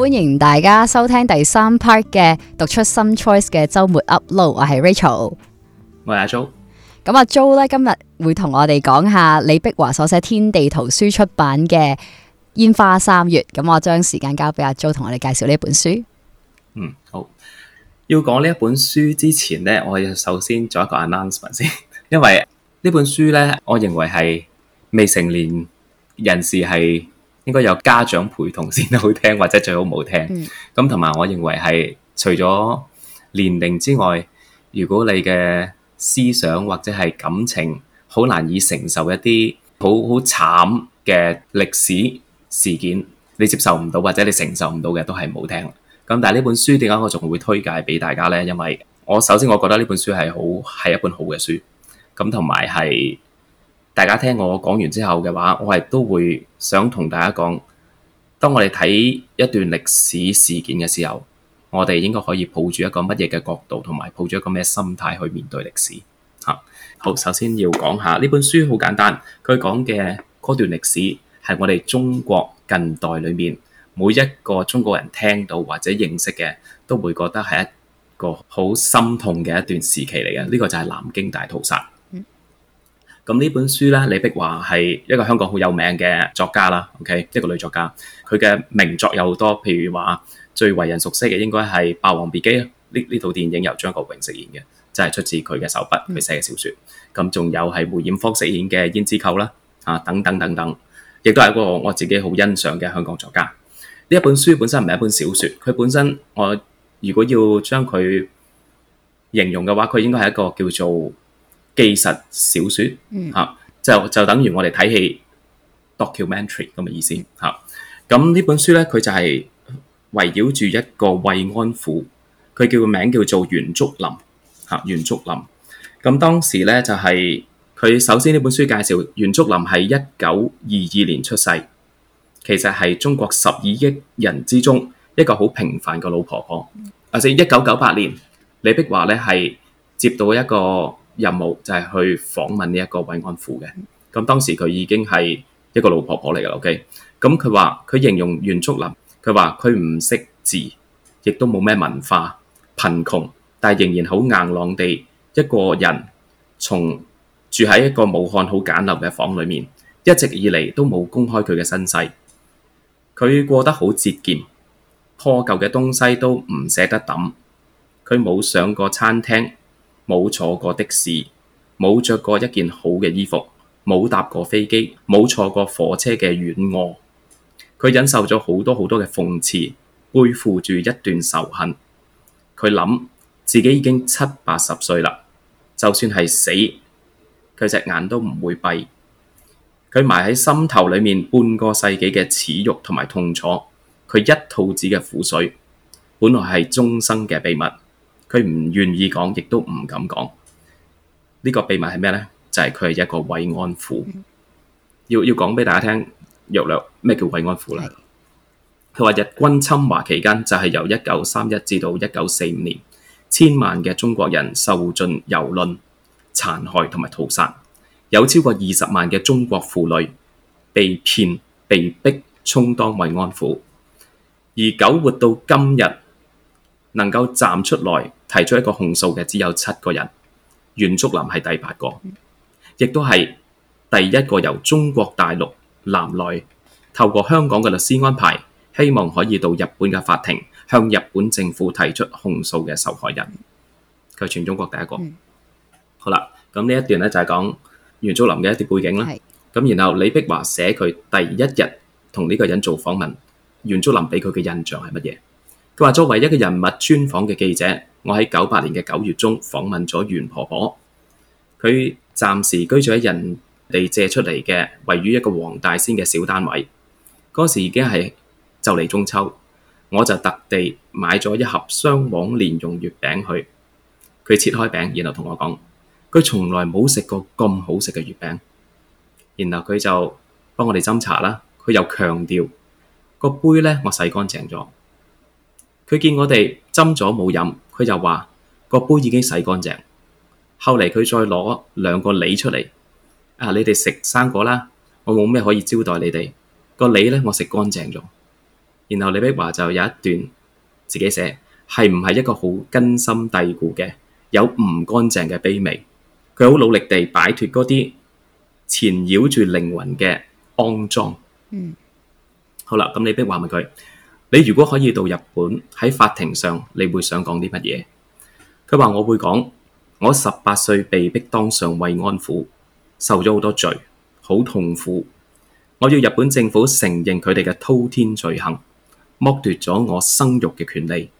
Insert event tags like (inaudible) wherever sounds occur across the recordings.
歡迎大家收聽第三 part 嘅讀出 Some Choice 嘅周末噏撈，我係 Rachel，我係阿 Joe，咁阿 Joe 咧，今日會同我哋講下李碧華所寫天地圖書出版嘅《煙花三月》，咁我將時間交俾阿 Joe 同我哋介紹呢本書。嗯，好。要講呢一本書之前呢，我要首先做一個 announcement 先，因為呢本書呢，我認為係未成年人士係。應該有家長陪同先好聽，或者最好冇聽。咁同埋，我認為係除咗年齡之外，如果你嘅思想或者係感情好難以承受一啲好好慘嘅歷史事件，你接受唔到或者你承受唔到嘅，都係冇聽。咁但係呢本書點解我仲會推介俾大家呢？因為我首先我覺得呢本書係好係一本好嘅書，咁同埋係。大家聽我講完之後嘅話，我亦都會想同大家講，當我哋睇一段歷史事件嘅時候，我哋應該可以抱住一個乜嘢嘅角度，同埋抱住一個咩心態去面對歷史。吓，好，首先要講下呢本書好簡單，佢講嘅嗰段歷史係我哋中國近代裏面每一個中國人聽到或者認識嘅，都會覺得係一個好心痛嘅一段時期嚟嘅。呢、呢個就係南京大屠殺。咁呢本書咧，李碧華係一個香港好有名嘅作家啦，OK，一個女作家，佢嘅名作有好多，譬如話最為人熟悉嘅應該係《霸王別姬》啦，呢呢套電影由張國榮飾演嘅，就係出自佢嘅手筆，佢寫嘅小說。咁仲、嗯、有係梅艷芳飾演嘅《胭脂扣》啦，啊等等等等，亦都係一個我自己好欣賞嘅香港作家。呢一本書本身唔係一本小說，佢本身我如果要將佢形容嘅話，佢應該係一個叫做紀實小說，吓，就就等於我哋睇戲 documentary 咁嘅意思吓。咁呢本書咧，佢就係圍繞住一個慰安婦，佢叫個名叫做袁竹林吓。袁竹林咁當時咧就係佢首先呢本書介紹袁竹林係一九二二年出世，其實係中國十二億人之中一個好平凡嘅老婆婆。或者一九九八年李碧華咧係接到一個。任務就係去訪問呢一個慰安婦嘅。咁當時佢已經係一個老婆婆嚟嘅。OK，咁佢話佢形容袁竹林，佢話佢唔識字，亦都冇咩文化，貧窮，但係仍然好硬朗地一個人從，從住喺一個武漢好簡陋嘅房裡面，一直以嚟都冇公開佢嘅身世。佢過得好節儉，破舊嘅東西都唔捨得抌。佢冇上過餐廳。冇坐過的士，冇着過一件好嘅衣服，冇搭過飛機，冇坐過火車嘅軟臥。佢忍受咗好多好多嘅諷刺，背負住一段仇恨。佢諗自己已經七八十歲啦，就算係死，佢隻眼都唔會閉。佢埋喺心頭裏面半個世紀嘅恥辱同埋痛楚，佢一肚子嘅苦水，本來係終生嘅秘密。佢唔願意講，亦都唔敢講。呢、這個秘密係咩呢？就係佢係一個慰安婦。嗯、要要講俾大家聽，約略咩叫慰安婦咧？佢話、嗯、日軍侵華期間，就係、是、由一九三一至到一九四五年，千萬嘅中國人受盡蹂躪、殘害同埋屠殺，有超過二十萬嘅中國婦女被騙、被逼充當慰安婦，而苟活到今日。能夠站出來，提出一個控訴嘅只有七個人，袁竹林係第八個。亦都係第一個由中國大陸南來，透過香港嘅律師安排，希望可以到日本嘅法庭，向日本政府提出控訴嘅受害人。佢全中國第一個。好啦，咁呢一段就係講袁竹林嘅背景。咁然後，李碧華寫佢第一日同呢個人做訪問，袁竹林俾佢嘅印象係乜嘢？佢話：作為一個人物專訪嘅記者，我喺九八年嘅九月中訪問咗袁婆婆。佢暫時居住喺人哋借出嚟，嘅位於一個黃大仙嘅小單位。嗰時已經係就嚟中秋，我就特地買咗一盒雙黃蓮蓉月餅去。佢切開餅，然後同我講：佢從來冇食過咁好食嘅月餅。然後佢就幫我哋斟茶啦。佢又強調：個杯咧，我洗乾淨咗。佢見我哋斟咗冇飲，佢就話個杯已經洗乾淨。後嚟，佢再攞兩個梨出嚟，啊，你哋食生果啦。我冇咩可以招待你哋，個梨呢，我食乾淨咗。然後李碧華就有一段自己寫，係唔係一個好根深蒂固嘅有唔乾淨嘅卑微？佢好努力地擺脫嗰啲纏繞住靈魂嘅骯髒。嗯，好啦，咁李碧華問佢。你如果可以到日本喺法庭上，你會想講啲乜嘢？佢話，我會講，我十八歲被逼當上慰安婦，受咗好多罪，好痛苦。我要日本政府承認佢哋嘅滔天罪行，剝奪咗我生育嘅權利，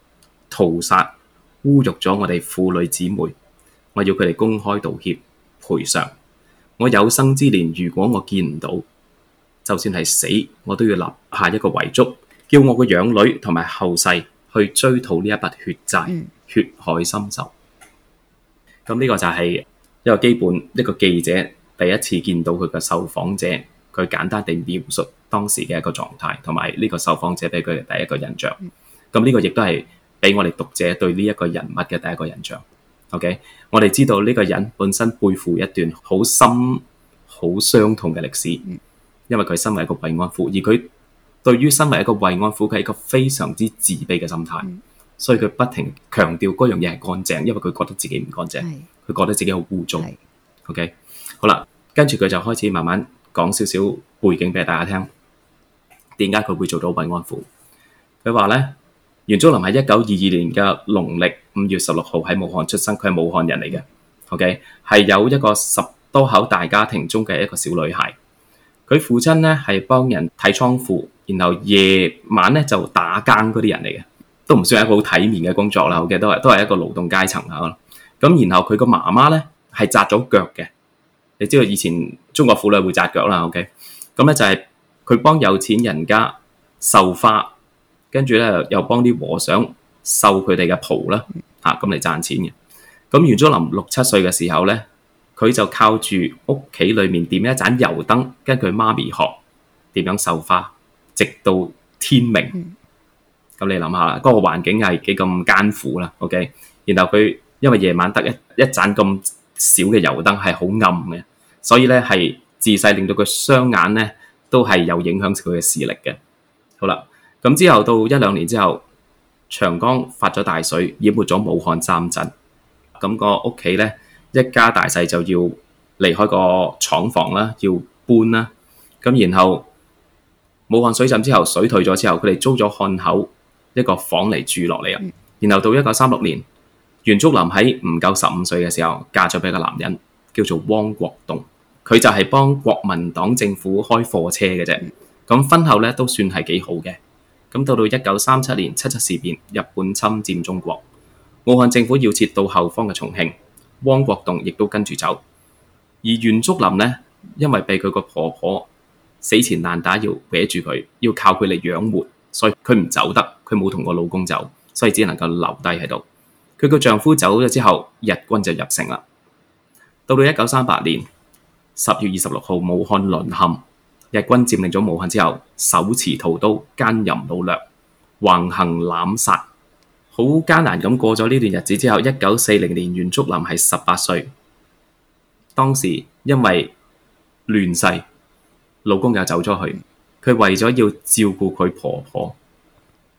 屠殺污辱咗我哋婦女姊妹。我要佢哋公開道歉、賠償。我有生之年，如果我見唔到，就算係死，我都要立下一個遺囑。叫我個養女同埋後世去追討呢一筆血債，嗯、血海深仇。咁呢個就係一個基本，一個記者第一次見到佢嘅受訪者，佢簡單地描述當時嘅一個狀態，同埋呢個受訪者俾佢嘅第一個印象。咁呢、嗯、個亦都係俾我哋讀者對呢一個人物嘅第一個印象。OK，我哋知道呢個人本身背負一段好深、好傷痛嘅歷史，因為佢身為一個慰安婦，而佢。對於身為一個慰安婦，佢係一個非常之自卑嘅心態，所以佢不停強調嗰樣嘢係乾淨，因為佢覺得自己唔乾淨，佢覺得自己好污糟。OK，好啦，跟住佢就開始慢慢講少少背景俾大家聽，點解佢會做到慰安婦？佢話呢，袁竹林係一九二二年嘅農曆五月十六號喺武漢出生，佢係武漢人嚟嘅。OK，係有一個十多口大家庭中嘅一個小女孩。佢父親咧係幫人睇倉庫，然後夜晚咧就打更嗰啲人嚟嘅，都唔算係一個好體面嘅工作啦。OK，都係都係一個勞動階層啊。咁然後佢個媽媽咧係紮咗腳嘅，你知道以前中國婦女會紮腳啦。OK，咁咧就係佢幫有錢人家繡花，跟住咧又幫啲和尚繡佢哋嘅袍啦，嚇咁嚟賺錢嘅。咁袁祖林六七歲嘅時候咧。佢就靠住屋企裏面點一盞油燈，跟佢媽咪學點樣繡花，直到天明。咁、嗯、你諗下啦，嗰、個環境係幾咁艱苦啦。OK，然後佢因為夜晚得一一盞咁少嘅油燈係好暗嘅，所以呢係自細令到佢雙眼呢都係有影響佢嘅視力嘅。好啦，咁之後到一兩年之後，長江發咗大水，淹沒咗武漢三鎮，咁、個屋企呢。一家大細就要離開個廠房啦，要搬啦。咁然後武漢水浸之後，水退咗之後，佢哋租咗漢口一個房嚟住落嚟啊。然後到一九三六年，袁竹林喺唔夠十五歲嘅時候嫁咗俾個男人叫做汪國棟，佢就係幫國民黨政府開貨車嘅啫。咁婚後咧都算係幾好嘅。咁到到一九三七年七七事變，日本侵占中國，武漢政府要撤到後方嘅重慶。汪國棟亦都跟住走，而袁竹林呢，因為被佢個婆婆死前爛打，要搲住佢，要靠佢嚟養活，所以佢唔走得，佢冇同個老公走，所以只能夠留低喺度。佢個丈夫走咗之後，日軍就入城啦。到到一九三八年十月二十六號，武漢淪陷陷，日軍佔領咗武漢之後，手持屠刀，姦淫擄掠，橫行濫殺。好艱難咁過咗呢段日子之後，一九四零年袁竹林係十八歲，當時因為亂世，老公又走咗去，佢為咗要照顧佢婆婆，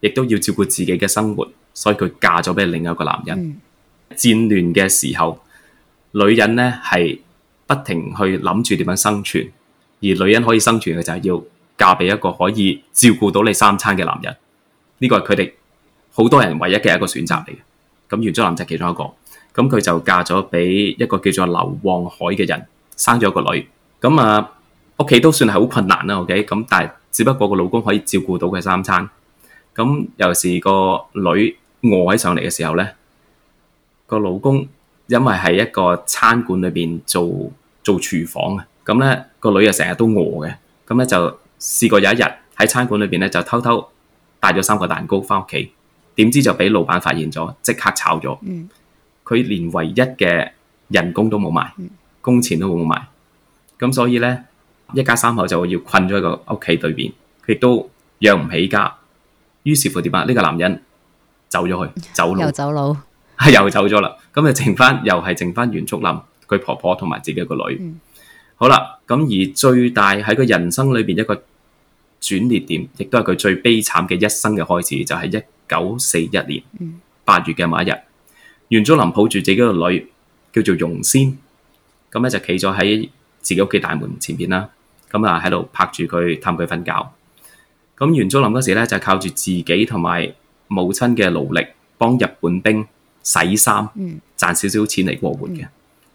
亦都要照顧自己嘅生活，所以佢嫁咗俾另一個男人。嗯，戰亂嘅時候，女人呢係不停去諗住點樣生存，而女人可以生存嘅就係要嫁俾一個可以照顧到你三餐嘅男人。呢、呢個係佢哋。好多人唯一嘅一個選擇嚟嘅，咁袁竹林就其中一個，咁佢就嫁咗俾一個叫做劉旺海嘅人，生咗個女，咁啊屋企都算係好困難啦，OK，咁但係只不過個老公可以照顧到佢三餐，咁有時個女餓起上嚟嘅時候呢，個老公因為係一個餐館裏邊做做廚房啊，咁呢個女又成日都餓嘅，咁呢就試過有一日喺餐館裏邊呢，就偷偷帶咗三個蛋糕翻屋企。點知就俾老闆發現咗，即刻炒咗。佢、嗯、連唯一嘅人工都冇埋，嗯、工錢都冇埋。咁所以呢，一家三口就要困咗喺個屋企對面，亦都養唔起家。於是乎點啊？呢、這個男人走咗去，走路，又走佬， (laughs) 又走咗啦。咁就剩翻，又係剩翻袁竹林佢婆婆同埋自己個女。嗯、好啦，咁而最大喺佢人生裏邊一個。轉捩點，亦都係佢最悲慘嘅一生嘅開始，就係一九四一年八月嘅某一日，袁祖林抱住自己個女叫做容仙，咁咧就企咗喺自己屋企大門前邊啦，咁啊喺度拍住佢，探佢瞓覺。咁袁祖林嗰時咧就係靠住自己同埋母親嘅勞力，幫日本兵洗衫，賺少少錢嚟過活嘅。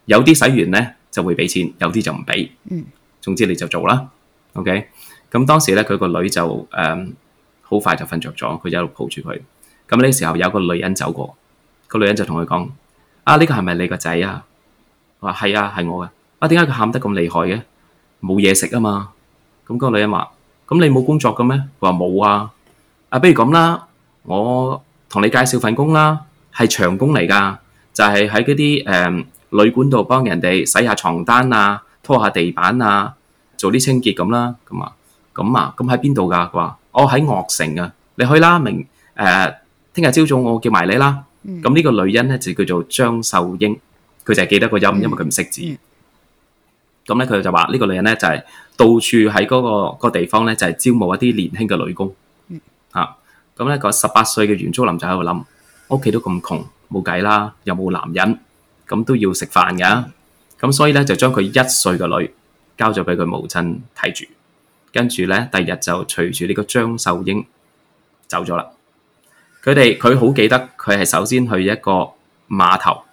有啲洗完咧就會俾錢，有啲就唔俾。嗯，總之你就做啦。OK。咁當時咧，佢個女就誒好快就瞓着咗，佢一路抱住佢。咁呢時候有個女人走過，個女人就同佢講：啊呢個係咪你個仔啊？佢話係啊，係我啊。」啊點解佢喊得咁厲害嘅？冇嘢食啊嘛。咁個女人話：咁你冇工作嘅咩？佢話冇啊。啊，不如咁啦，我同你介紹份工啦，係長工嚟㗎，就係喺嗰啲誒旅館度幫人哋洗下床單啊，拖下地板啊，做啲清潔咁啦，咁啊。咁啊，咁喺邊度噶？佢話：我喺岳城啊，你去啦，明誒，聽日朝早我叫埋你啦。咁呢、嗯、個女人咧就叫做張秀英，佢就係記得個音，因為佢唔識字。咁咧佢就話呢、這個女人咧就係、是、到處喺嗰、那個、那個地方咧就係、是、招募一啲年輕嘅女工。嗯、啊，咁咧個十八歲嘅袁竹林就喺度諗，屋企都咁窮，冇計啦，又冇男人，咁都要食飯噶。咁所以咧就將佢一歲嘅女交咗俾佢母親睇住。跟住咧，第二日就隨住呢個張秀英走咗啦。佢哋佢好記得，佢係首先去一個碼頭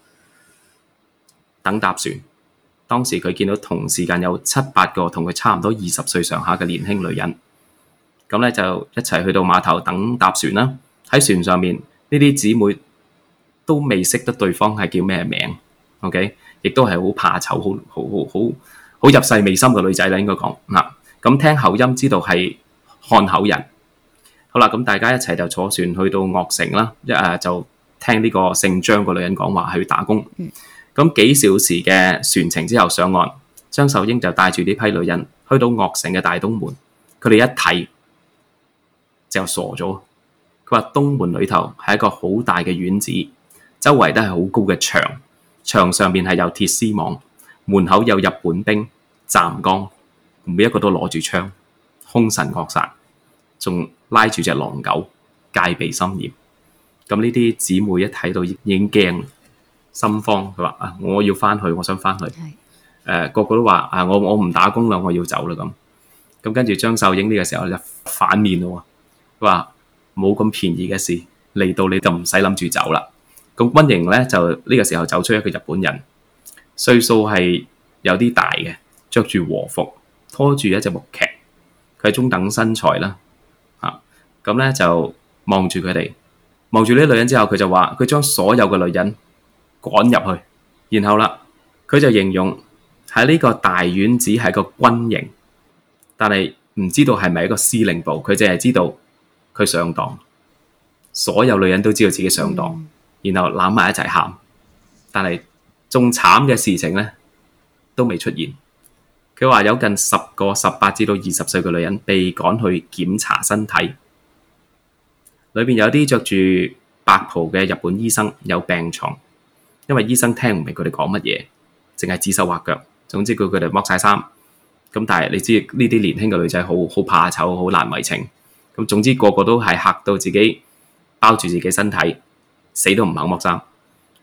等搭船。當時佢見到同時間有七八個同佢差唔多二十歲上下嘅年輕女人，咁咧就一齊去到碼頭等搭船啦。喺船上面呢啲姊妹都未識得對方係叫咩名，OK，亦都係好怕醜，好好好好好入世未深嘅女仔啦，應該講嗱。咁聽口音知道係漢口人，好啦，咁大家一齊就坐船去到鄂城啦，一誒、啊、就聽呢個姓張個女人講話去打工。咁幾小時嘅船程之後上岸，張秀英就帶住呢批女人去到鄂城嘅大東門，佢哋一睇就傻咗。佢話東門裏頭係一個好大嘅院子，周圍都係好高嘅牆，牆上面係有鐵絲網，門口有日本兵站崗。每一個都攞住槍，兇神惡煞，仲拉住隻狼狗，戒備森嚴。咁呢啲姊妹一睇到已經驚，心慌，佢話啊，我要翻去，我想翻去。誒、呃，個個都話啊，我我唔打工啦，我要走啦。咁咁跟住張秀英呢個時候就反面咯，佢話冇咁便宜嘅事，嚟到你就唔使諗住走啦。咁溫瑩呢，就呢個時候走出一個日本人，歲數係有啲大嘅，着住和服。拖住一隻木屐，佢係中等身材啦，啊咁咧就望住佢哋，望住呢女人之後，佢就話佢將所有嘅女人趕入去，然後啦，佢就形容喺呢個大院子係個軍營，但係唔知道係咪一個司令部，佢淨係知道佢上當，所有女人都知道自己上當，嗯、然後攬埋一齊喊，但係仲慘嘅事情咧都未出現。佢話有近十個十八至到二十歲嘅女人被趕去檢查身體，裏面有啲着住白袍嘅日本醫生有病床，因為醫生聽唔明佢哋講乜嘢，淨係指手畫腳。總之佢佢哋剝晒衫咁，但係你知呢啲年輕嘅女仔好好怕醜，好難為情。咁總之個個都係吓到自己包住自己身體，死都唔肯剝衫。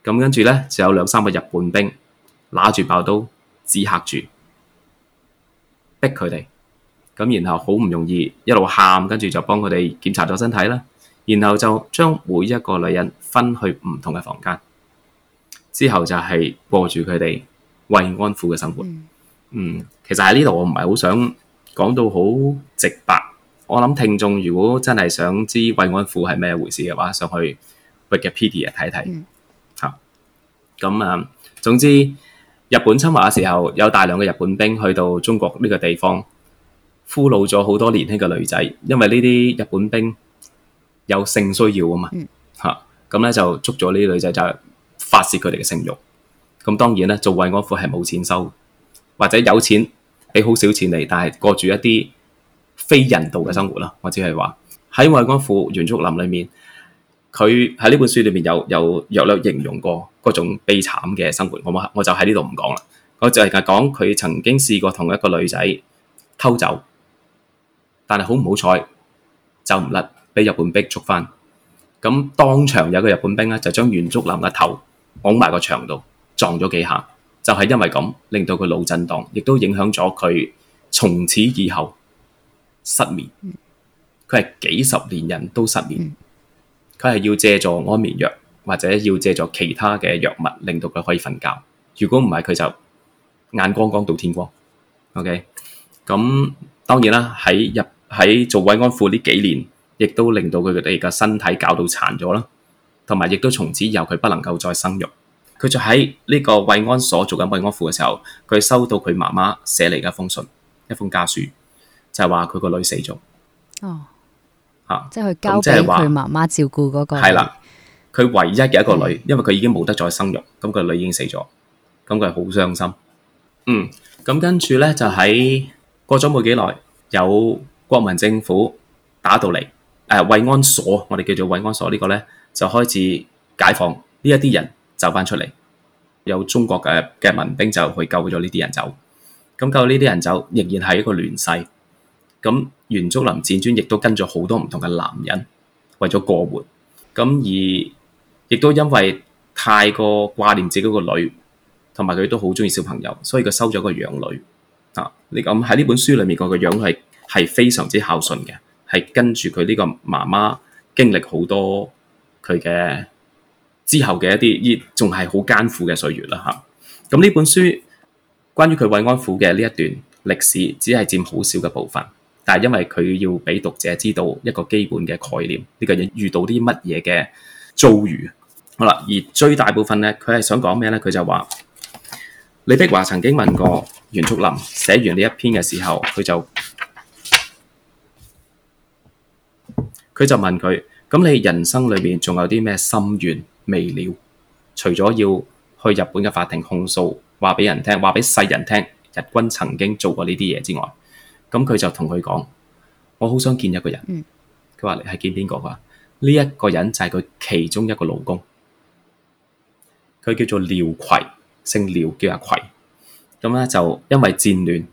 咁跟住呢，就有兩三個日本兵拿住爆刀指吓住。逼佢哋，咁然後好唔容易一路喊，跟住就幫佢哋檢查咗身體啦。然後就將每一個女人分去唔同嘅房間，之後就係過住佢哋慰安婦嘅生活。嗯，嗯，其實喺呢度我唔係好想講到好直白。我諗聽眾如果真係想知慰安婦係咩回事嘅話，上去看看 Wikipedia 睇睇。嗯。吓、嗯、咁、嗯、啊，總之。日本侵華嘅時候，有大量嘅日本兵去到中國呢個地方，俘虜咗好多年輕嘅女仔，因為呢啲日本兵有性需要啊嘛，吓，咁咧就捉咗呢啲女仔就發洩佢哋嘅性慾，咁、嗯、當然咧做慰安婦係冇錢收，或者有錢，俾好少錢你，但係過住一啲非人道嘅生活啦，我只係話喺慰安婦袁竹林裏面。佢喺呢本書裏面有有弱略形容過嗰種悲慘嘅生活，我冇，我就喺呢度唔講啦。我就係講佢曾經試過同一個女仔偷走，但係好唔好彩，走唔甩，俾日本兵捉翻。咁當場有個日本兵咧，就將袁竹林嘅頭擋埋個牆度撞咗幾下，就係、是、因為咁令到佢腦震盪，亦都影響咗佢從此以後失眠。佢係幾十年人都失眠。嗯佢係要借助安眠藥或者要借助其他嘅藥物，令到佢可以瞓覺。如果唔係，佢就眼光光到天光。OK，咁、嗯、當然啦，喺入喺做慰安婦呢幾年，亦都令到佢哋嘅身體搞到殘咗啦，同埋亦都從此以後佢不能夠再生育。佢就喺呢個慰安所做緊慰安婦嘅時候，佢收到佢媽媽寫嚟嘅封信，一封家書，就係話佢個女死咗。哦。Oh. 啊、即係佢媽媽照顧嗰個係啦、嗯，佢唯一嘅一個女，因為佢已經冇得再生育，咁佢女已經死咗，咁佢係好傷心。嗯，咁跟住呢，就喺過咗冇幾耐，有國民政府打到嚟，誒、啊、慰安所，我哋叫做慰安所呢個呢，就開始解放呢一啲人走翻出嚟，有中國嘅嘅民兵就去救咗呢啲人走，咁救呢啲人走仍然係一個亂世。咁袁竹林戰尊亦都跟咗好多唔同嘅男人，為咗過活。咁而亦都因為太過掛念自己個女，同埋佢都好中意小朋友，所以佢收咗個養女啊。呢咁喺呢本書裏面，個個養係係非常之孝順嘅，係跟住佢呢個媽媽經歷好多佢嘅之後嘅一啲，仲係好艱苦嘅歲月啦。吓咁呢本書關於佢慰安婦嘅呢一段歷史，只係佔好少嘅部分。但係，因為佢要俾讀者知道一個基本嘅概念，呢、這個嘢遇到啲乜嘢嘅遭遇，好啦。而最大部分咧，佢係想講咩咧？佢就話李碧華曾經問過袁竹林，寫完呢一篇嘅時候，佢就佢就問佢：咁你人生裏面仲有啲咩心願未了？除咗要去日本嘅法庭控訴，話俾人聽，話俾世人聽，日軍曾經做過呢啲嘢之外。咁佢就同佢講，我好想見一個人。佢話：你係見邊個？話呢一個人就係佢其中一個老公。佢叫做廖葵，姓廖，叫阿葵。咁咧就因為戰亂，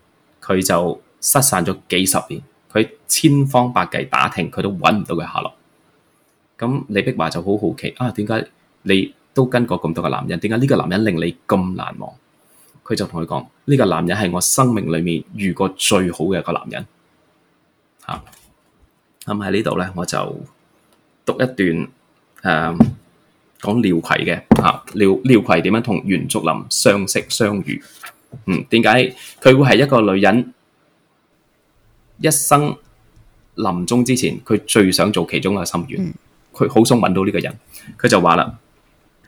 佢就失散咗幾十年。佢千方百計打聽，佢都揾唔到佢下落。咁李碧華就好好奇啊，點解你都跟過咁多個男人？點解呢個男人令你咁難忘？佢就同佢講：呢、這個男人係我生命裏面遇過最好嘅一個男人。吓咁喺呢度咧，我就讀一段誒、啊、講廖葵嘅吓、啊、廖廖葵點樣同袁竹林相識相遇？嗯，點解佢會係一個女人一生臨終之前佢最想做其中一個心願？佢好想揾到呢個人，佢就話啦，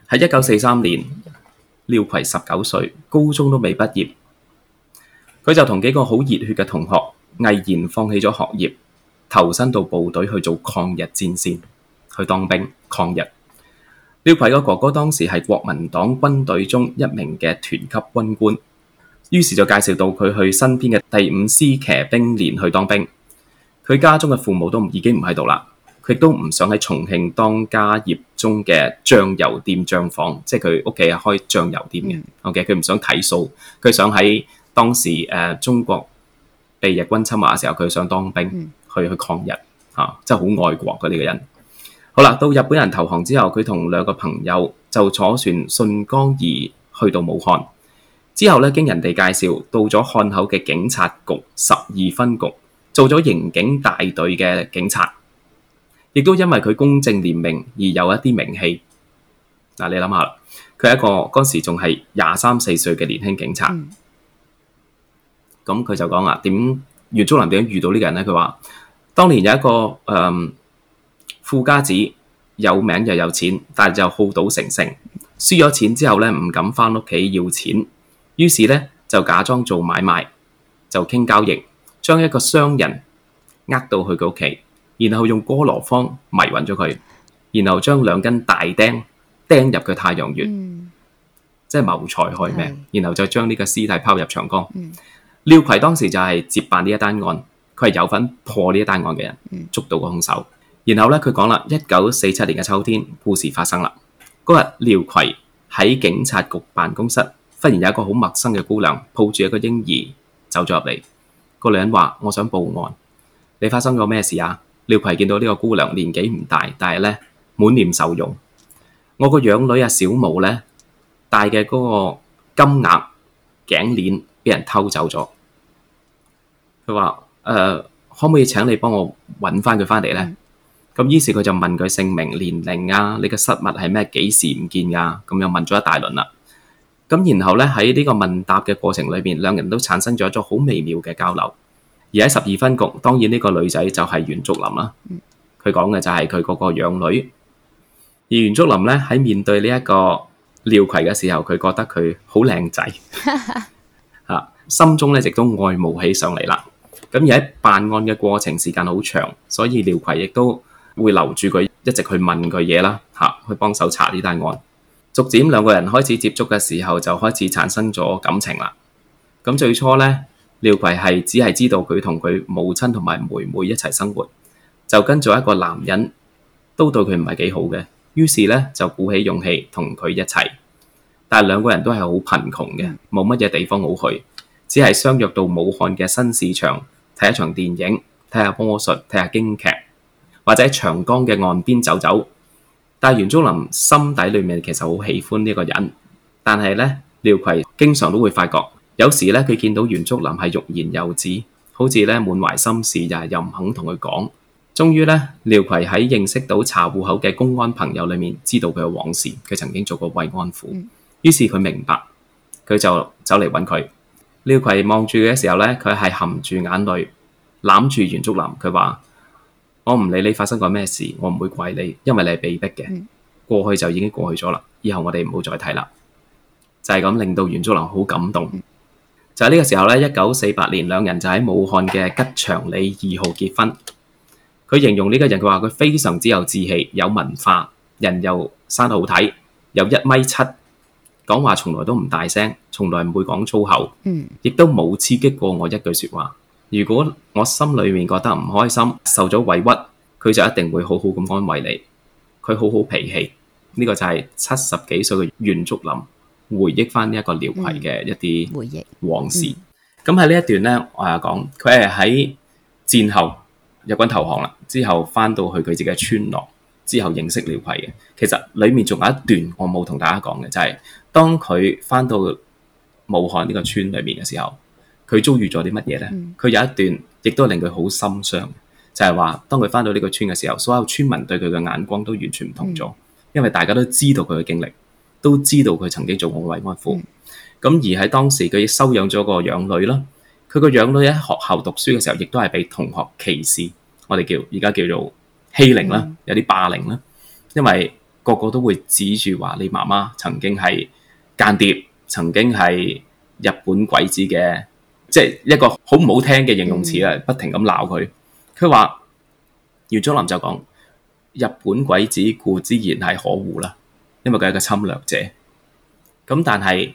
喺一九四三年。廖葵十九歲，高中都未畢業，佢就同幾個好熱血嘅同學毅然放棄咗學業，投身到部隊去做抗日戰線，去當兵抗日。廖葵個哥哥當時係國民黨軍隊中一名嘅團級軍官，於是就介紹到佢去身邊嘅第五師騎兵連去當兵。佢家中嘅父母都已經唔喺度啦。佢都唔想喺重慶當家業中嘅醬油店帳房，即係佢屋企係開醬油店嘅。O K，佢唔想睇數，佢想喺當時誒、呃、中國被日軍侵華嘅時候，佢想當兵去去抗日嚇、啊，即係好愛國嗰呢個人。好啦，到日本人投降之後，佢同兩個朋友就坐船順江而去到武漢。之後咧，經人哋介紹到咗漢口嘅警察局十二分局做咗刑警大隊嘅警察。亦都因為佢公正廉明而有一啲名氣嗱、啊，你諗下佢係一個嗰時仲係廿三四歲嘅年輕警察。咁佢、嗯、就講啊，點袁竹林點遇到呢個人呢？」佢話：當年有一個誒、嗯、富家子，有名又有錢，但係就好賭成性，輸咗錢之後咧，唔敢翻屋企要錢，於是咧就假裝做買賣，就傾交易，將一個商人呃到去佢屋企。」然後用《哥羅芳迷暈咗佢，然後將兩根大釘釘入佢太陽穴，嗯、即係謀財害命。是然後就將呢個屍體拋入長江。嗯、廖葵當時就係接辦呢一單案，佢係有份破呢一單案嘅人，捉到個兇手。然後咧，佢講啦：，一九四七年嘅秋天，故事發生啦。嗰日廖葵喺警察局辦公室，忽然有一個好陌生嘅姑娘抱住一個嬰兒走咗入嚟。個女人話：我想報案，你發生咗咩事啊？廖葵見到呢個姑娘年紀唔大，但係咧滿臉愁容。我個養女阿小武咧，戴嘅嗰個金額頸鏈俾人偷走咗。佢話：誒，可唔可以請你幫我揾翻佢翻嚟咧？咁於是佢就問佢姓名、年齡啊，你嘅失物係咩？幾時唔見㗎？咁又問咗一大輪啦。咁然後咧，喺呢個問答嘅過程裏邊，兩人都產生咗一種好微妙嘅交流。而喺十二分局，當然呢個女仔就係袁竹林啦。佢講嘅就係佢嗰個養女。而袁竹林咧喺面對呢一個廖葵嘅時候，佢覺得佢好靚仔，嚇 (laughs) 心中咧亦都愛慕起上嚟啦。咁而喺辦案嘅過程，時間好長，所以廖葵亦都會留住佢，一直去問佢嘢啦，嚇去幫手查呢單案。逐漸兩個人開始接觸嘅時候，就開始產生咗感情啦。咁最初咧。廖葵係只係知道佢同佢母親同埋妹妹一齊生活，就跟咗一個男人，都對佢唔係幾好嘅。於是咧就鼓起勇氣同佢一齊，但係兩個人都係好貧窮嘅，冇乜嘢地方好去，只係相約到武漢嘅新市場睇一場電影，睇下魔術，睇下京劇，或者長江嘅岸邊走走。但係袁竹林心底裏面其實好喜歡呢個人，但係咧廖葵經常都會發覺。有時咧，佢見到袁竹林係欲言又止，好似咧滿懷心事，又係又唔肯同佢講。終於咧，廖葵喺認識到查戶口嘅公安朋友裏面，知道佢嘅往事，佢曾經做過慰安婦。嗯、於是佢明白，佢就走嚟揾佢。廖葵望住佢嘅時候咧，佢係含住眼淚攬住袁竹林，佢話：我唔理你發生過咩事，我唔會怪你，因為你係被逼嘅。嗯、過去就已經過去咗啦，以後我哋唔好再睇啦。就係、是、咁令到袁竹林好感動。就喺呢個時候咧，一九四八年，兩人就喺武漢嘅吉祥里二號結婚。佢形容呢個人，佢話佢非常之有志氣，有文化，人又生得好睇，有一米七，講話從來都唔大聲，從來唔會講粗口，嗯，亦都冇刺激過我一句說話。如果我心裏面覺得唔開心，受咗委屈，佢就一定會好好咁安慰你。佢好好脾氣，呢、這個就係七十幾歲嘅袁竹林。回憶翻呢一個廖葵嘅一啲往事，咁喺呢一段呢，我係講佢係喺戰後日軍投降啦，之後翻到去佢自己嘅村落，之後認識廖葵嘅。其實裡面仲有一段我冇同大家講嘅，就係、是、當佢翻到武漢呢個村裏面嘅時候，佢遭遇咗啲乜嘢呢？佢、嗯、有一段亦都令佢好心傷，就係、是、話當佢翻到呢個村嘅時候，所有村民對佢嘅眼光都完全唔同咗，嗯、因為大家都知道佢嘅經歷。都知道佢曾經做過慰安婦，咁、嗯、而喺當時佢收養咗個養女啦。佢個養女喺學校讀書嘅時候，亦都係被同學歧視，我哋叫而家叫做欺凌啦，嗯、有啲霸凌啦。因為個個都會指住話：你媽媽曾經係間諜，曾經係日本鬼子嘅，即係一個好唔好聽嘅形容詞啊！嗯、不停咁鬧佢。佢話：袁中林就講，日本鬼子固之然係可惡啦。因為佢係個侵略者，咁但係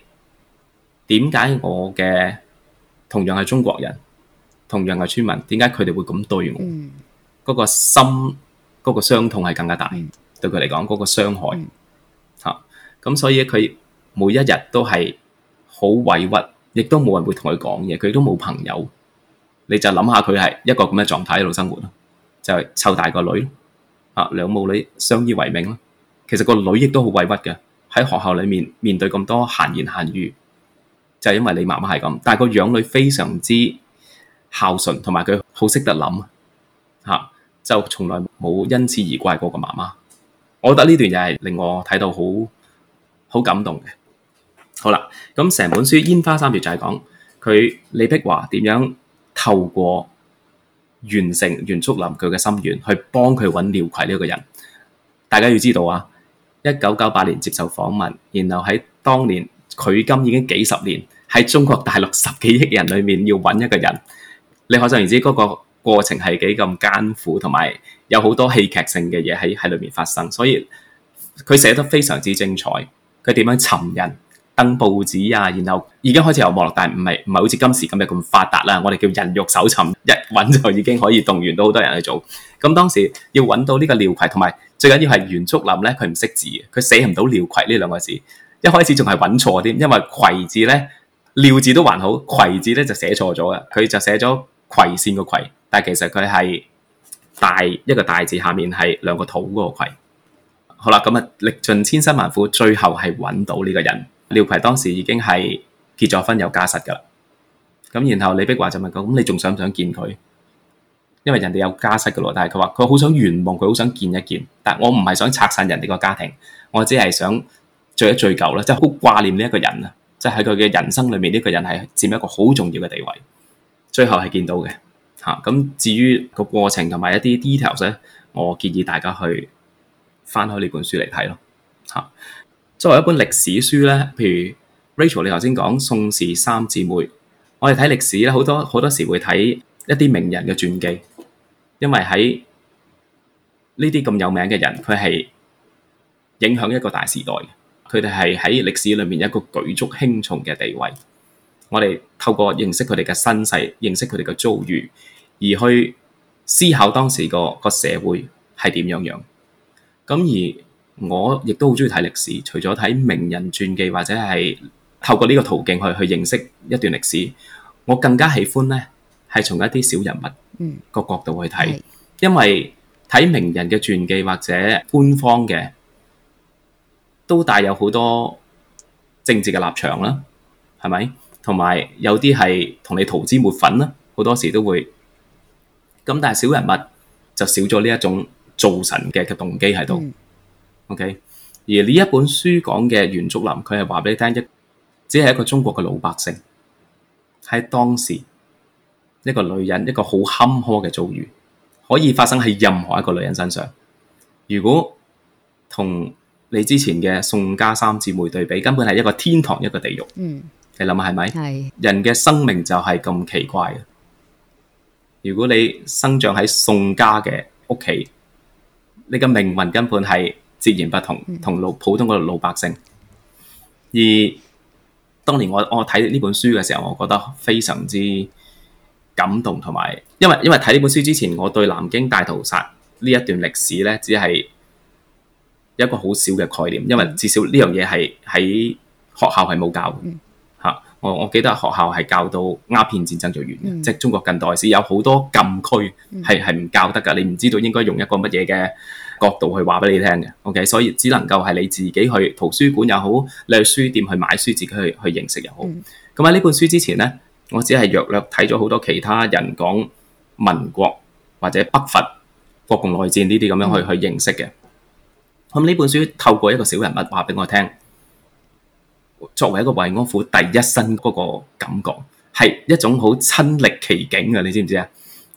點解我嘅同樣係中國人，同樣係村民，點解佢哋會咁對我？嗰個心，嗰個傷痛係更加大，對佢嚟講嗰個傷害，吓咁所以咧，佢每一日都係好委屈，亦都冇人會同佢講嘢，佢都冇朋友。你就諗下佢係一個咁嘅狀態喺度生活咯，就係湊大個女，吓，兩母女相依為命咯。其實個女亦都好委屈嘅，喺學校裏面面對咁多閒言閒語，就係、是、因為你媽媽係咁。但係個養女非常之孝順，同埋佢好識得諗，吓、啊、就從來冇因此而怪過個媽媽。我覺得呢段嘢係令我睇到好好感動嘅。好啦，咁成本書《煙花三月》就係講佢李碧華點樣透過完成袁竹林佢嘅心願，去幫佢揾廖葵呢一個人。大家要知道啊！一九九八年接受訪問，然後喺當年佢今已經幾十年喺中國大陸十幾億人裏面要揾一個人，你可想而知，嗰個過程係幾咁艱苦，同埋有好多戲劇性嘅嘢喺喺裏面發生，所以佢寫得非常之精彩。佢點樣尋人？登報紙啊，然後已經開始有網絡，但唔係唔係好似今時今日咁發達啦。我哋叫人肉搜尋，一揾就已經可以動員到好多人去做。咁當時要揾到呢個廖葵，同埋最緊要係袁竹林呢，佢唔識字，佢寫唔到廖葵呢兩個字。一開始仲係揾錯添，因為葵字呢，廖字都還好，葵字呢就寫錯咗嘅。佢就寫咗葵線個葵，但係其實佢係大一個大字，下面係兩個土嗰個葵。好啦，咁啊，歷盡千辛萬苦，最後係揾到呢個人。廖葵當時已經係結咗婚有家室噶啦，咁然後李碧華就問佢：咁你仲想唔想見佢？因為人哋有家室噶咯，但係佢話佢好想圓夢，佢好想見一見。但係我唔係想拆散人哋個家庭，我只係想敍一敍舊啦，即係好掛念呢一個人啊！即係喺佢嘅人生裏面，呢個人係佔一個好重要嘅地位。最後係見到嘅，吓、啊、咁至於個過程同埋一啲 details 咧，我建議大家去翻開呢本書嚟睇咯，吓、啊。作為一本歷史書呢，譬如 Rachel 你頭先講宋氏三姊妹，我哋睇歷史咧，好多好多時會睇一啲名人嘅傳記，因為喺呢啲咁有名嘅人，佢係影響一個大時代，佢哋係喺歷史裏面一個舉足輕重嘅地位。我哋透過認識佢哋嘅身世，認識佢哋嘅遭遇，而去思考當時個個社會係點樣樣。咁而我亦都好中意睇歷史，除咗睇名人傳記或者係透過呢個途徑去去認識一段歷史，我更加喜歡呢係從一啲小人物個角度去睇，嗯、因為睇名人嘅傳記或者官方嘅都帶有好多政治嘅立場啦，係咪？同埋有啲係同你塗脂抹粉啦，好多時都會咁，但係小人物就少咗呢一種造神嘅嘅動機喺度。嗯 OK，而呢一本書講嘅袁竹林，佢係話俾你聽，一只係一個中國嘅老百姓，喺當時一個女人一個好坎坷嘅遭遇，可以發生喺任何一個女人身上。如果同你之前嘅宋家三姊妹對比，根本係一個天堂一個地獄。嗯，你諗下係咪？係人嘅生命就係咁奇怪嘅。如果你生長喺宋家嘅屋企，你嘅命運根本係。截然不同，同老普通嗰老百姓。而當年我我睇呢本書嘅時候，我覺得非常之感動同埋，因為因為睇呢本書之前，我對南京大屠殺呢一段歷史呢，只係一個好少嘅概念。因為至少呢樣嘢係喺學校係冇教嘅吓。嗯、我我記得學校係教到鴉片戰爭就完嘅，即係、嗯、中國近代史有好多禁區係係唔教得噶，你唔知道應該用一個乜嘢嘅。角度去話俾你聽嘅，OK，所以只能夠係你自己去圖書館又好，你去書店去買書，自己去去認識又好。咁喺呢本書之前呢，我只係略略睇咗好多其他人講民國或者北伐、國共內戰呢啲咁樣去去認識嘅。咁呢、嗯、本書透過一個小人物話俾我聽，作為一個慰安婦第一身嗰個感覺，係一種好親歷其境嘅，你知唔知啊？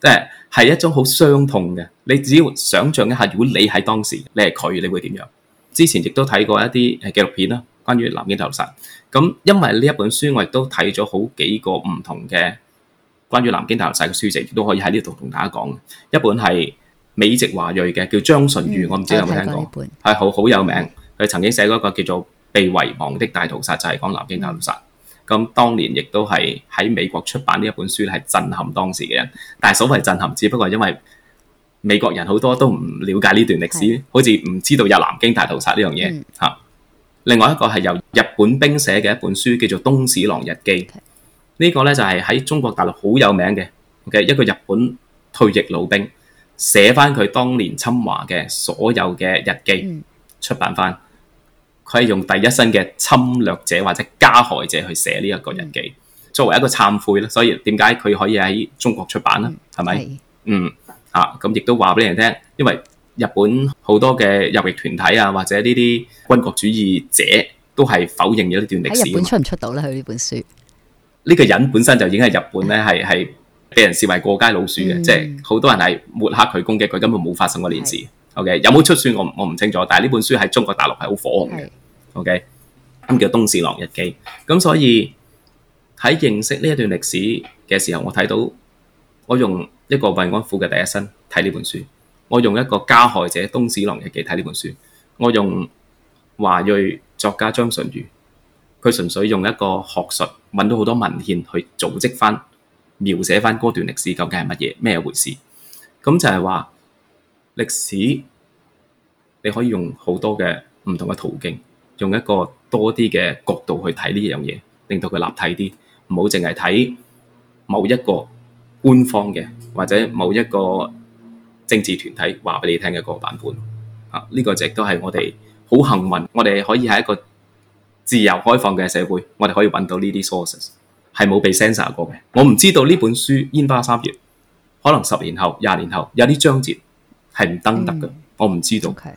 即係。係一種好傷痛嘅，你只要想象一下，如果你喺當時，你係佢，你會點樣？之前亦都睇過一啲紀錄片啦，關於南京大屠殺。咁因為呢一本書，我亦都睇咗好幾個唔同嘅關於南京大屠殺嘅書籍，亦都可以喺呢度同大家講。一本係美籍華裔嘅，叫張純如，我唔知有冇聽過，係好好有名。佢曾經寫過一個叫做《被遺忘的大屠殺》，就係、是、講南京大屠殺。咁當年亦都係喺美國出版呢一本書，係震撼當時嘅人。但係所謂震撼，只不過係因為美國人好多都唔了解呢段歷史，是好似唔知道有南京大屠殺呢樣嘢嚇。嗯、另外一個係由日本兵寫嘅一本書，叫做《東史郎日記》。呢、嗯、個呢就係、是、喺中國大陸好有名嘅嘅一個日本退役老兵寫翻佢當年侵華嘅所有嘅日記、嗯、出版翻。佢係用第一身嘅侵略者或者加害者去寫呢一個日記，嗯、作為一個懺悔啦。所以點解佢可以喺中國出版咧？係咪、嗯？吧嗯啊，咁亦都話俾你人聽，因為日本好多嘅右翼團體啊，或者呢啲軍國主義者都係否認咗呢段歷史。本出唔出到咧？佢呢本書呢個人本身就已經係日本咧，係係被人視為過街老鼠嘅，即係好多人係抹黑佢、攻擊佢，根本冇發生過呢件事。OK，有冇出書我我唔清楚，但係呢本書喺中國大陸係好火紅嘅。OK，咁叫《東史郎日記》。咁所以喺認識呢一段歷史嘅時候，我睇到我用一個慰安婦嘅第一身睇呢本書，我用一個加害者《東史郎日記》睇呢本書，我用華裔作家張純如，佢純粹用一個學術搵到好多文獻去組織翻，描寫翻嗰段歷史究竟係乜嘢咩回事？咁就係話。歷史你可以用好多嘅唔同嘅途徑，用一個多啲嘅角度去睇呢樣嘢，令到佢立體啲，唔好淨係睇某一個官方嘅或者某一個政治團體話俾你聽嘅一個版本啊。呢個亦都係我哋好幸運，我哋可以喺一個自由開放嘅社會，我哋可以揾到呢啲 sources 係冇被 censor 過嘅。我唔知道呢本書《煙花三月》可能十年後、廿年後有啲章節。係唔登得嘅，我唔知道。啊、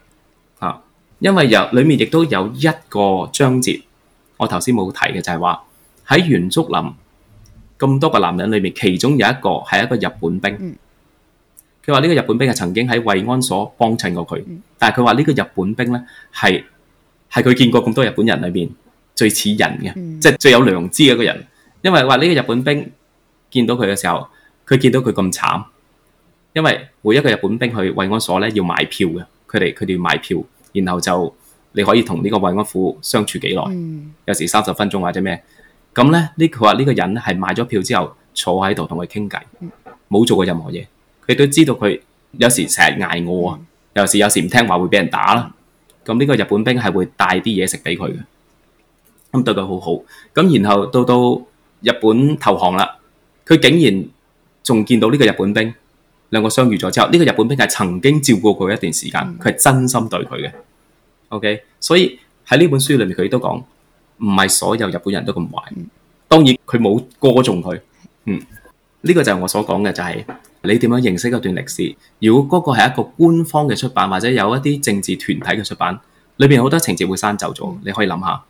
嗯，嗯嗯、因為有裏面亦都有一個章節，我頭先冇提嘅，就係話喺袁竹林咁多個男人裏面，其中有一個係一個日本兵。佢話呢個日本兵係曾經喺慰安所幫襯過佢，嗯、但係佢話呢個日本兵呢係係佢見過咁多日本人裏面最似人嘅，即係、嗯、最有良知嘅一個人。因為話呢個日本兵見到佢嘅時候，佢見到佢咁慘。因為每一個日本兵去慰安所咧，要買票嘅。佢哋佢哋要買票，然後就你可以同呢個慰安婦相處幾耐？嗯、有時三十分鐘或者咩咁咧？呢佢話呢個人係買咗票之後坐喺度同佢傾偈，冇做過任何嘢。佢都知道佢有時成日挨餓啊，有是有時有時唔聽話會俾人打啦。咁呢個日本兵係會帶啲嘢食俾佢嘅，咁對佢好好。咁然後到到日本投降啦，佢竟然仲見到呢個日本兵。兩個相遇咗之後，呢、這個日本兵係曾經照顧過，過一段時間，佢係真心對佢嘅。OK，所以喺呢本書裏面，佢都講唔係所有日本人都咁壞。當然，佢冇歌頌佢。嗯，呢、這個就係我所講嘅、就是，就係你點樣認識一段歷史。如果嗰個係一個官方嘅出版，或者有一啲政治團體嘅出版，裏面好多情節會刪走咗。你可以諗下，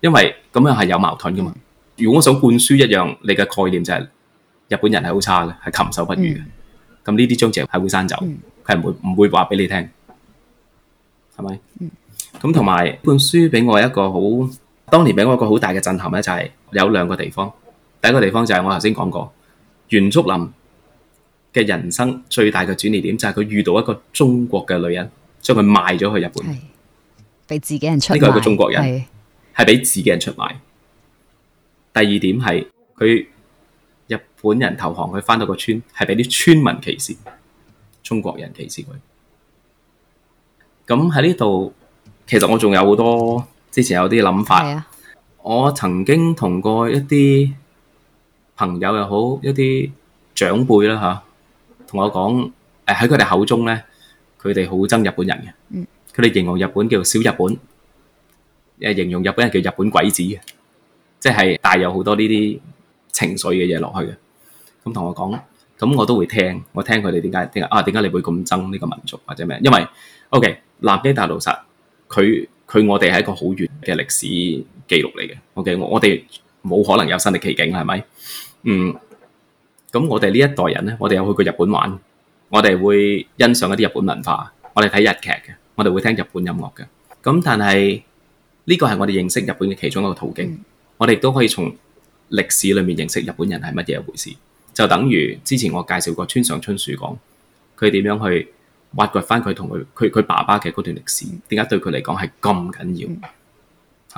因為咁樣係有矛盾噶嘛。如果我想灌輸一樣你嘅概念，就是，就係日本人係好差嘅，係禽獸不如嘅。嗯咁呢啲章節係會刪走，佢唔、嗯、會唔會話俾你聽，係咪？咁同埋本書俾我一個好，當年俾我一個好大嘅震撼咧，就係有兩個地方。第一個地方就係我頭先講過，袁竹林嘅人生最大嘅轉捩點就係佢遇到一個中國嘅女人，將佢賣咗去日本，俾自己人出賣。呢個係一個中國人，係俾是自己人出賣。第二點係佢。本人投降，佢翻到個村，係俾啲村民歧視，中國人歧視佢。咁喺呢度，其實我仲有好多之前有啲諗法。的我曾經同過一啲朋友又好，一啲長輩啦嚇，同、啊、我講，誒喺佢哋口中咧，佢哋好憎日本人嘅。佢哋、嗯、形容日本叫小日本，誒形容日本人叫日本鬼子，即係帶有好多呢啲情緒嘅嘢落去嘅。咁同我講，咁我都會聽。我聽佢哋點解點解啊？點解你會咁憎呢個民族或者咩？因為 O.K. 南京大屠殺，佢佢我哋係一個好遠嘅歷史記錄嚟嘅。O.K. 我哋冇可能有親歷其境，係咪？嗯，咁我哋呢一代人呢，我哋有去過日本玩，我哋會欣賞一啲日本文化，我哋睇日劇嘅，我哋會聽日本音樂嘅。咁但係呢個係我哋認識日本嘅其中一個途徑，我哋都可以從歷史裏面認識日本人係乜嘢一回事。就等於之前我介紹過村上春樹講佢點樣去挖掘翻佢同佢佢佢爸爸嘅嗰段歷史，點解對佢嚟講係咁緊要？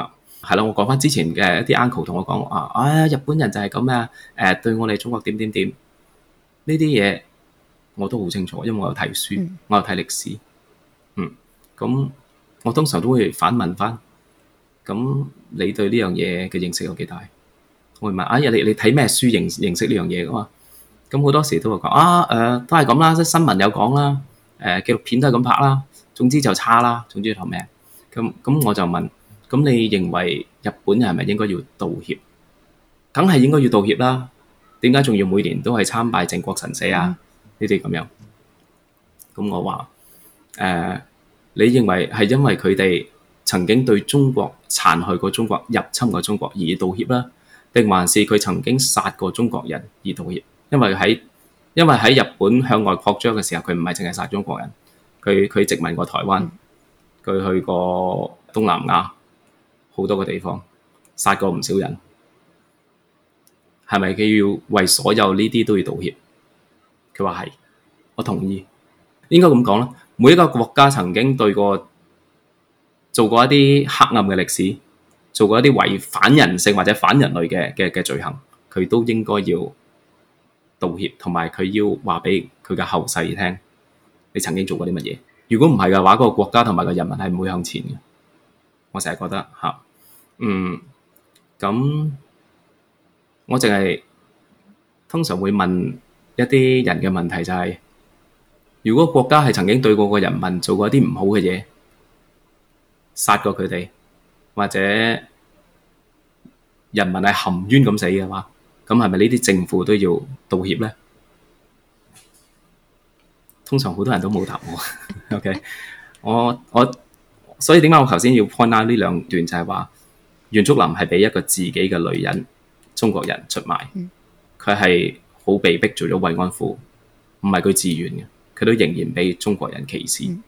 嚇係啦，我講翻之前嘅一啲 uncle 同我講啊，哎日本人就係咁咩啊？誒、呃，對我哋中國點點點呢啲嘢，我都好清楚，因為我有睇書，嗯、我有睇歷史。嗯，咁我通常都會反問翻，咁你對呢樣嘢嘅認識有幾大？我問啊，人哋你睇咩書？認認識呢樣嘢噶嘛？咁好多時都會講啊，誒、呃，都係咁啦，即係新聞有講啦，誒、呃，紀錄片都係咁拍啦，總之就差啦，總之同咩咁咁？我就問，咁你認為日本人係咪應該要道歉？梗係應該要道歉啦，點解仲要每年都係參拜靖國神社啊？呢啲咁樣，咁我話誒、呃，你認為係因為佢哋曾經對中國殘害過中國、入侵過中國而道歉啦？定還是佢曾經殺過中國人而道歉？因為喺因為喺日本向外擴張嘅時候，佢唔係淨係殺中國人，佢佢殖民過台灣，佢去過東南亞好多個地方，殺過唔少人，係咪？佢要為所有呢啲都要道歉？佢話係，我同意，應該咁講啦。每一個國家曾經對過做過一啲黑暗嘅歷史。做過一啲違反人性或者反人類嘅嘅嘅罪行，佢都應該要道歉，同埋佢要話俾佢嘅後世聽，你曾經做過啲乜嘢？如果唔係嘅話，嗰個國家同埋個人民係唔會向前嘅。我成日覺得吓，啊？嗯，咁我淨係通常會問一啲人嘅問題就係：如果國家係曾經對過個人民做過一啲唔好嘅嘢，殺過佢哋，或者人民係含冤咁死嘅話，咁係咪呢啲政府都要道歉咧？通常好多人都冇答我。 (laughs) OK，我我所以點解我頭先要 point out 呢兩段就係話袁竹林係俾一個自己嘅女人中國人出賣，佢係好被逼做咗慰安婦，唔係佢自願嘅，佢都仍然俾中國人歧視。 (laughs)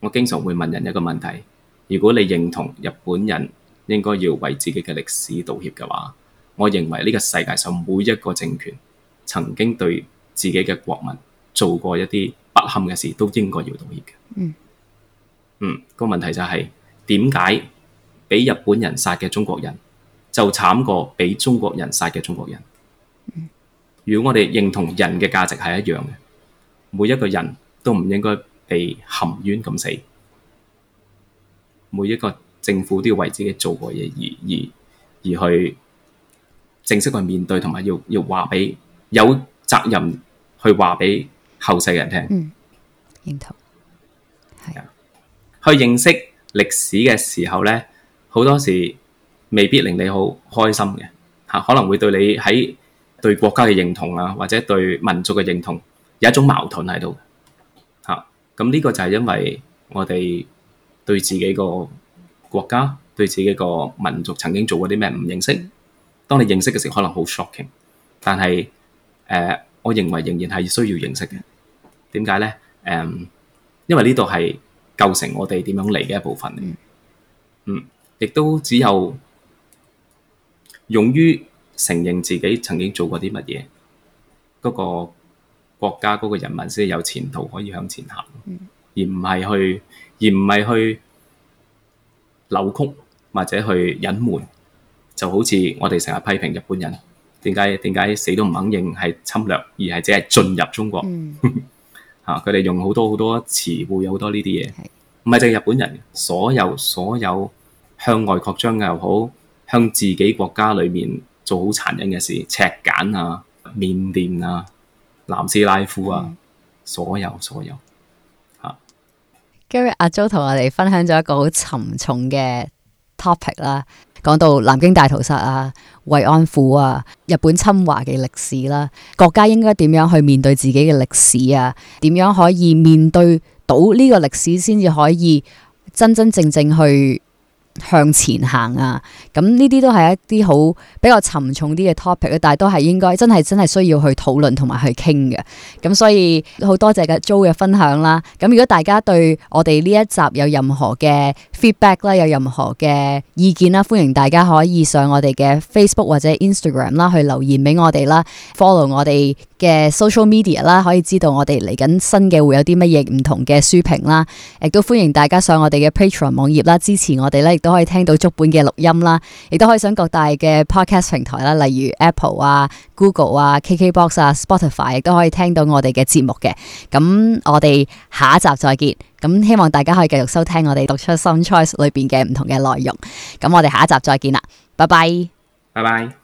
我經常會問人一個問題。如果你認同日本人應該要為自己嘅歷史道歉嘅話，我認為呢個世界上每一個政權曾經對自己嘅國民做過一啲不堪嘅事，都應該要道歉嘅。嗯，嗯、那，個問題就係點解俾日本人殺嘅中國人就慘過俾中國人殺嘅中國人？如果我哋認同人嘅價值係一樣嘅，每一個人都唔應該被含冤咁死。每一個政府都要為自己做過嘢，而而而去正式去面對，同埋要要話俾有責任去話俾後世嘅人聽，嗯。認同，係去認識歷史嘅時候呢，好多時未必令你好開心嘅嚇，可能會對你喺對國家嘅認同啊，或者對民族嘅認同有一種矛盾喺度嚇。咁、啊、呢個就係因為我哋。對自己個國家，對自己個民族曾經做過啲咩唔認識，當你認識嘅時候，可能好 shocking，但係誒、呃，我認為仍然係需要認識嘅。點解咧？誒、嗯，因為呢度係構成我哋點樣嚟嘅一部分嗯，亦都只有勇於承認自己曾經做過啲乜嘢，嗰、嗰個國家嗰個人民先有前途可以向前行，而唔係去。而唔係去扭曲或者去隱瞞，就好似我哋成日批評日本人，點解點解死都唔肯認係侵略，而係只係進入中國？嚇、嗯！佢哋 (laughs) 用好多好多詞彙有好多呢啲嘢。唔係淨係日本人，所有所有向外擴張嘅又好，向自己國家裏面做好殘忍嘅事，赤柬啊、緬甸啊、南斯拉夫啊，所有、嗯、所有。所有今日阿 Joe 同我哋分享咗一個好沉重嘅 topic 啦，講到南京大屠殺啊、慰安婦啊、日本侵華嘅歷史啦、啊，國家應該點樣去面對自己嘅歷史啊？點樣可以面對到呢個歷史，先至可以真真正正去。向前行啊！咁呢啲都係一啲好比較沉重啲嘅 topic，但係都係應該真係真係需要去討論同埋去傾嘅。咁所以好多謝嘅 Joe 嘅分享啦。咁如果大家對我哋呢一集有任何嘅，feedback 啦，Feed back，有任何嘅意見啦，歡迎大家可以上我哋嘅 Facebook 或者 Instagram 啦，去留言俾我哋啦，follow 我哋嘅 social media 啦，可以知道我哋嚟緊新嘅會有啲乜嘢唔同嘅書評啦。亦都歡迎大家上我哋嘅 Patreon 網頁啦，支持我哋咧，亦都可以聽到足本嘅錄音啦，亦都可以上各大嘅 podcast 平台啦，例如 Apple 啊、Google 啊、KKBox 啊、Spotify，亦都可以聽到我哋嘅節目嘅。咁我哋下一集再見。咁希望大家可以繼續收聽我哋讀出《Some Choice》裏面嘅唔同嘅內容。咁我哋下一集再見啦，拜拜，拜拜。